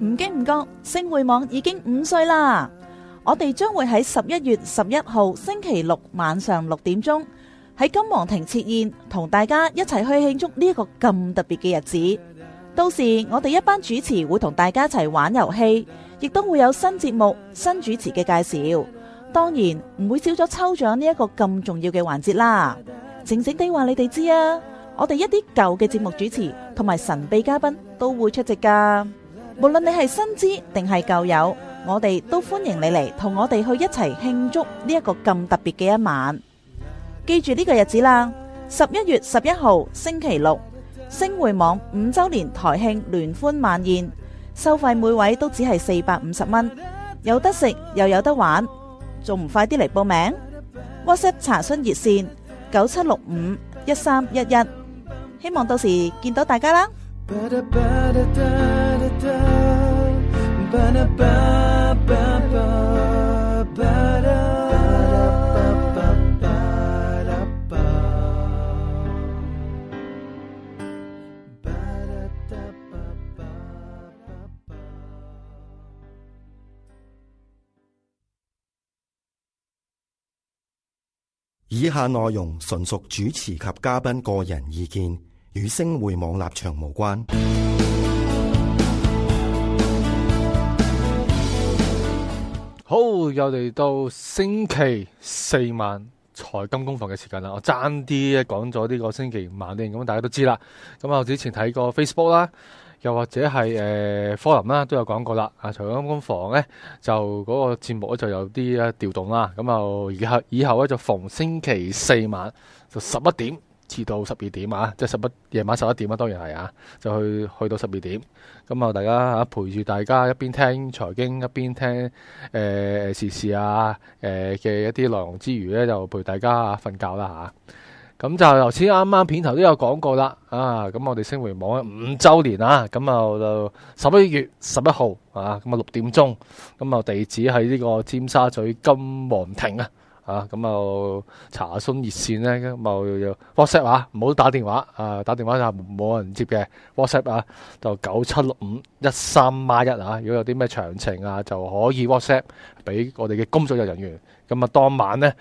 唔經唔覺，星匯網已經五歲啦！我哋將會喺十一月十一號星期六晚上六點鐘喺金皇庭設宴，同大家一齊去慶祝呢一個咁特別嘅日子。到時我哋一班主持會同大家一齊玩遊戲，亦都會有新節目、新主持嘅介紹。當然唔會少咗抽獎呢一個咁重要嘅環節啦！靜靜地話你哋知啊！我哋一啲舊嘅節目主持同埋神秘嘉賓都會出席㗎，無論你係新知定係舊友，我哋都歡迎你嚟同我哋去一齊慶祝呢一個咁特別嘅一晚。記住呢個日子啦，十一月十一號星期六，星匯網五周年台慶聯歡晚宴，收費每位都只係四百五十蚊，有得食又有得玩，仲唔快啲嚟報名？WhatsApp 查詢熱線九七六五一三一一。希望到時見到大家啦！ 以下內容純屬主持及嘉賓個人意見，與星匯網立場無關。好，又嚟到星期四晚財金工房嘅時間啦！我爭啲講咗呢個星期五晚啲，咁大家都知啦。咁啊，我之前睇過 Facebook 啦。又或者係誒科林啦、啊，都有講過啦。啊，財金工房呢，就嗰、那個節目咧就有啲啊調動啦。咁啊，以後以後咧就逢星期四晚就十一點至到十二點啊，即係十一夜晚十一點啊，當然係啊，就去去到十二點。咁啊，大家嚇陪住大家一邊聽財經，一邊聽誒、呃、時事啊，誒、呃、嘅一啲內容之餘咧，就陪大家睡啊瞓覺啦嚇。咁就頭先啱啱片頭都有講過啦，啊，咁我哋星匯網五週年就11月11號啊，咁就十一月十一號啊，咁啊六點鐘，咁啊地址喺呢個尖沙咀金皇庭啊。啊，咁就查詢熱線呢，咁又 WhatsApp 啊，唔好打電話啊！打電話就冇人接嘅。WhatsApp 啊，就九七六五一三孖一啊！如果有啲咩詳情啊，就可以 WhatsApp 俾我哋嘅工作人員。咁啊，當晚呢，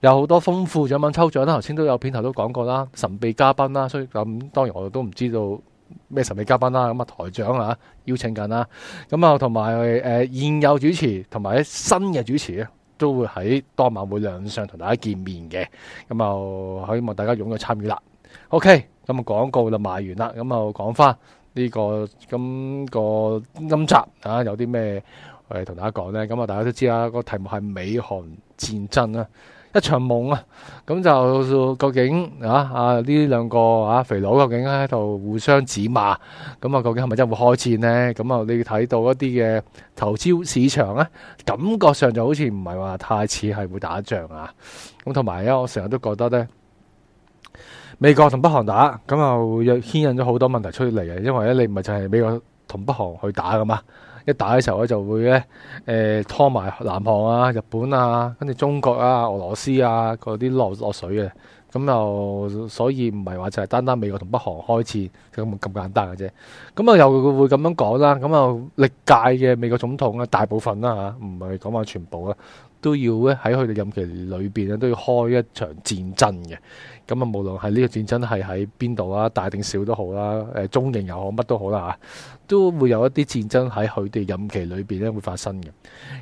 有好多豐富獎品抽獎啦，頭先都有片頭都講過啦，神秘嘉賓啦，啊，所以咁當然我都唔知道咩神秘嘉賓啦。咁啊，台長啊，邀請緊啦。咁啊，同埋誒現有主持同埋新嘅主持啊。都會喺當晚會亮相同大家見面嘅，咁就希望大家踴躍參與啦。OK，咁廣告就賣完啦，咁就講翻呢個咁、這個今集啊，有啲咩誒同大家講呢？咁啊，大家都知啦，個題目係美韓戰爭啊。一場夢啊！咁就究竟啊啊呢、啊、兩個啊肥佬究竟喺度互相指罵，咁啊究竟係咪真係會開戰呢？咁啊你睇到一啲嘅投資市場咧，感覺上就好似唔係話太似係會打仗啊！咁同埋咧，我成日都覺得呢，美國同北韓打，咁又牽引咗好多問題出嚟嘅，因為咧你唔係就係美國。同北韓去打㗎嘛？一打嘅時候咧，就會咧誒、欸、拖埋南韓啊、日本啊、跟住中國啊、俄羅斯啊嗰啲落落水嘅，咁又所以唔係話就係單單美國同北韓開始就咁咁簡單嘅啫。咁啊又會咁樣講啦。咁啊歷屆嘅美國總統啊，大部分啦嚇，唔係講話全部啊。都要咧喺佢哋任期裏邊咧都要開一場戰爭嘅。咁啊無論係呢個戰爭係喺邊度啦，大定小都好啦，誒中型又好乜都好啦嚇，都會有一啲戰爭喺佢哋任期裏邊咧會發生嘅。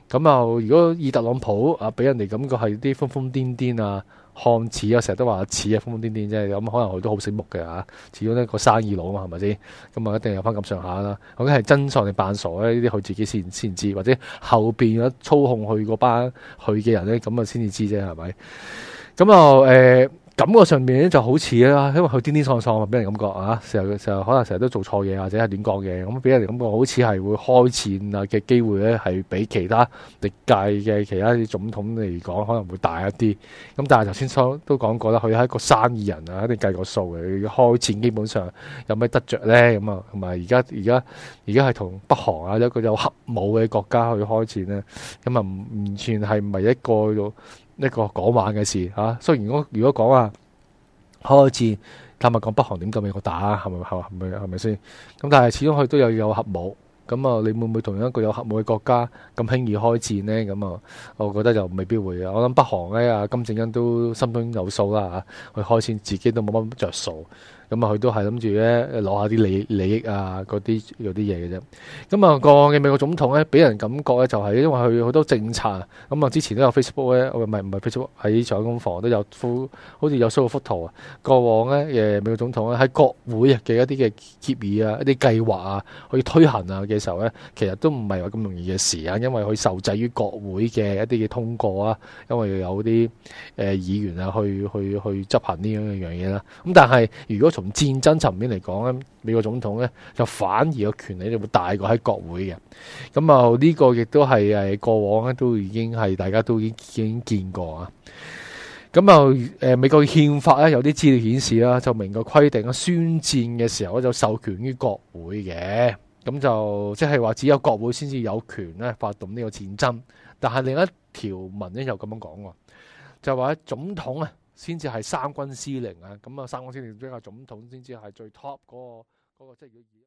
咁啊，如果以特朗普啊，俾人哋感覺係啲瘋瘋癲癲啊～看似啊，成日都話似啊，瘋瘋癲癲啫。咁可能佢都好醒目嘅吓。始終咧個生意佬啊，係咪先？咁啊，一定有翻咁上下啦。究竟係真傻定扮傻咧？呢啲佢自己先先知，或者後邊啊操控佢嗰班佢嘅人咧，咁啊先至知啫，係咪？咁啊，誒、呃。感覺上面咧就好似啦，因為佢癲癲喪喪俾人感覺啊，成日成日可能成日都做錯嘢，或者係點講嘢，咁俾人感覺好似係會開戰啊嘅機會咧，係比其他歷屆嘅其他總統嚟講可能會大一啲。咁但係頭先都講過啦，佢係一個生意人啊，一定計過數嘅。佢開戰基本上有咩得着咧？咁啊，同埋而家而家而家係同北韓啊一個有核武嘅國家去開戰咧，咁啊唔完全係唔係一個。一個講話嘅事吓、啊，雖然如果如果講啊，開戰，坦白講，北韓點夠美國打啊？係咪係咪係咪先？咁但係始終佢都有有核武，咁啊，你會唔會同一個有核武嘅國家咁輕易開戰呢？咁啊，我覺得就未必會啊。我諗北韓呢，啊，金正恩都心中有數啦吓，佢、啊、開戰自己都冇乜着數。咁啊，佢都係諗住咧攞下啲利益利益啊，嗰啲嗰啲嘢嘅啫。咁啊，過往嘅美國總統咧，俾人感覺咧，就係因為佢好多政策啊。咁啊，之前有呢 book, book, 都有 Facebook 咧，唔係唔係 Facebook 喺財金工房都有副，好似有收過幅圖啊。過往咧，誒美國總統咧喺國會嘅一啲嘅協議啊，一啲計劃啊，去推行啊嘅時候咧，其實都唔係話咁容易嘅事啊，因為佢受制於國會嘅一啲嘅通過啊，因為有啲誒、呃、議員啊，去去去執行呢樣樣嘢啦。咁但係如果從從戰爭層面嚟講咧，美國總統咧就反而個權力就會大過喺國會嘅。咁啊，呢個亦都係誒過往咧都已經係大家都已經見過啊。咁啊，誒美國憲法咧有啲資料顯示啦，就明確規定啊，宣戰嘅時候就授權於國會嘅。咁就即係話只有國會先至有權咧發動呢個戰爭。但係另一條文咧又咁樣講，就話總統啊。先至係三軍司令啊，咁啊三軍司令之後總統先至係最 top 嗰個嗰個即係。